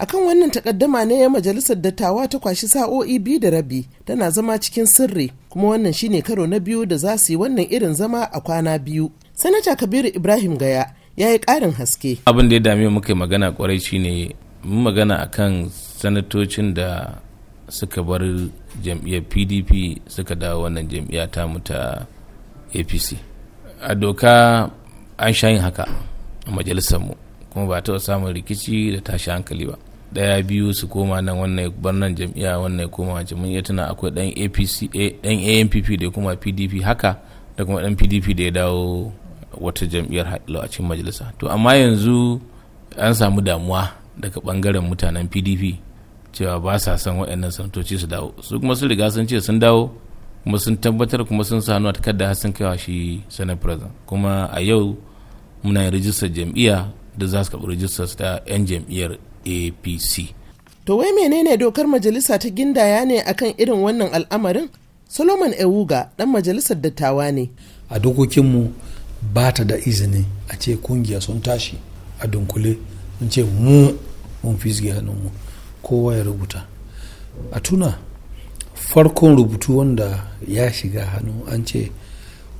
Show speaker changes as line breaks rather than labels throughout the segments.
akan wannan takaddama ne ya majalisar dattawa ta kwashi sa'o'i biyu da rabi tana zama cikin sirri kuma wannan shine karo na biyu da za su yi wannan irin zama a kwana biyu sanata kabiru ibrahim gaya ya yi karin haske
abin da ya dame muka magana kwarai shine mun magana akan sanatocin da suka bar jam'iyyar pdp suka dawo wannan jam'iyya ta ta apc a doka an sha yin haka a majalisarmu kuma ba ta samun rikici da tashi hankali ba daya biyu su koma nan wannan barnan jam'iyya wannan koma jam'iyya tana akwai dan apc dan eh, ampp da kuma pdp haka da kuma dan pdp da ya dawo wata jam'iyyar a cikin majalisa to amma yanzu an samu damuwa daga bangaren mutanen pdp cewa ba sa son waɗannan sanatoci su dawo su kuma sun riga sun ce sun dawo kuma sun tabbatar kuma sun sa hannu a takarda sun kaiwa shi sanar president kuma a yau muna yin rijistar jam'iyya da za su karɓi rijistar ta 'yan jam'iyyar apc
to wai menene dokar majalisa ta gindaya ne akan irin wannan al'amarin solomon ewuga dan majalisar dattawa ne a dokokinmu
ba ta da izini a ce kungiya sun tashi a dunkule sun ce mu mun fizge hannunmu kowa ya rubuta a tuna farkon rubutu wanda ya shiga hannu an ce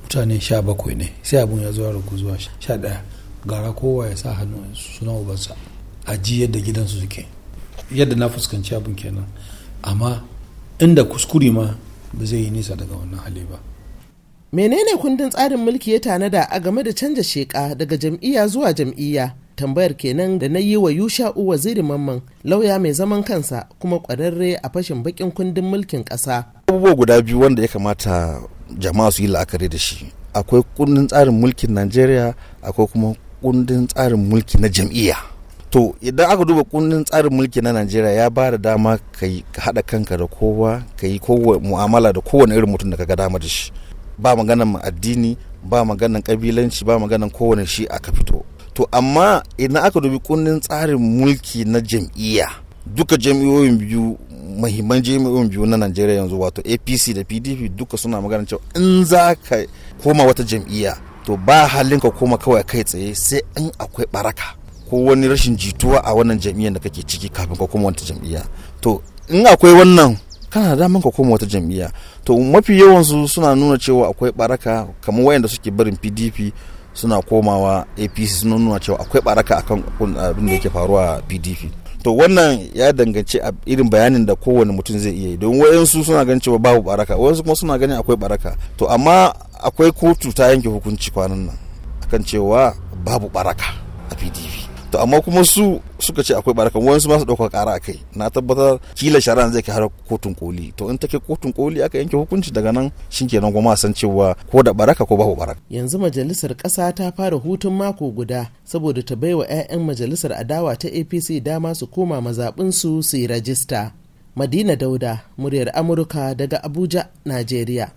mutane sha bakwai ne sai abun ya zuwa rugu zuwa sha daya gara kowa ya sa hannu suna ubansa a ji yadda gidansu suke yadda na fuskanci abin kenan amma inda kuskure ma ba zai yi nisa daga wannan hali ba
menene kundin tsarin mulki ya tanada a game da canja sheka daga jam'iyya zuwa jam'iyya tambayar kenan da na yi wa yusha yusha'u waziri mamman lauya mai zaman kansa kuma kwararre a fashin bakin kundin mulkin kasa
abubuwa guda biyu wanda ya kamata jama'a su yi la'akari da shi akwai kundin tsarin mulkin najeriya akwai kuma kundin tsarin mulki na jam'iyya to idan aka duba kundin tsarin mulki na najeriya ya ba da dama ka haɗa kanka da kowa ka yi mu'amala da kowane irin mutum da ka ga dama da shi ba maganan addini ba maganan kabilanci ba maganan kowane shi aka fito to amma idan aka dubi kundin tsarin mulki na jam'iyya duka jam'iyyoyin biyu mahimman jam'iyyoyin biyu na najeriya yanzu wato apc da pdp duka suna magana cewa in za ka koma wata jam'iyya to ba halin ka koma kawai kai tsaye sai in akwai baraka ko wani rashin jituwa a wannan jam'iyyar da kake ciki kafin ka koma wata jam'iyya to in akwai wannan kana da daman ka koma wata jam'iyya to mafi yawansu suna nuna cewa akwai baraka kamar wayanda suke barin pdp suna komawa apc suna nuna cewa akwai baraka akan abin da yake faruwa a pdp to wannan ya danganci a irin bayanin da kowane mutum zai iya yi don wayansu suna ganin cewa babu baraka wayansu kuma suna ganin akwai baraka to amma akwai kotu ta yanke hukunci kwanan nan akan cewa babu baraka a pdp to amma kuma su suka ce akwai barakan su ma su dauka ƙara akai na tabbatar kila shari'a zai kai har kotun koli to in take kotun koli aka yanke hukunci daga nan shin kenan kuma san cewa ko da baraka ko babu baraka
yanzu majalisar ƙasa ta fara hutun mako guda saboda ta baiwa 'ya'yan majalisar adawa ta APC dama su koma mazaɓinsu su yi rajista Madina Dauda, muryar Amurka daga Abuja, Najeriya.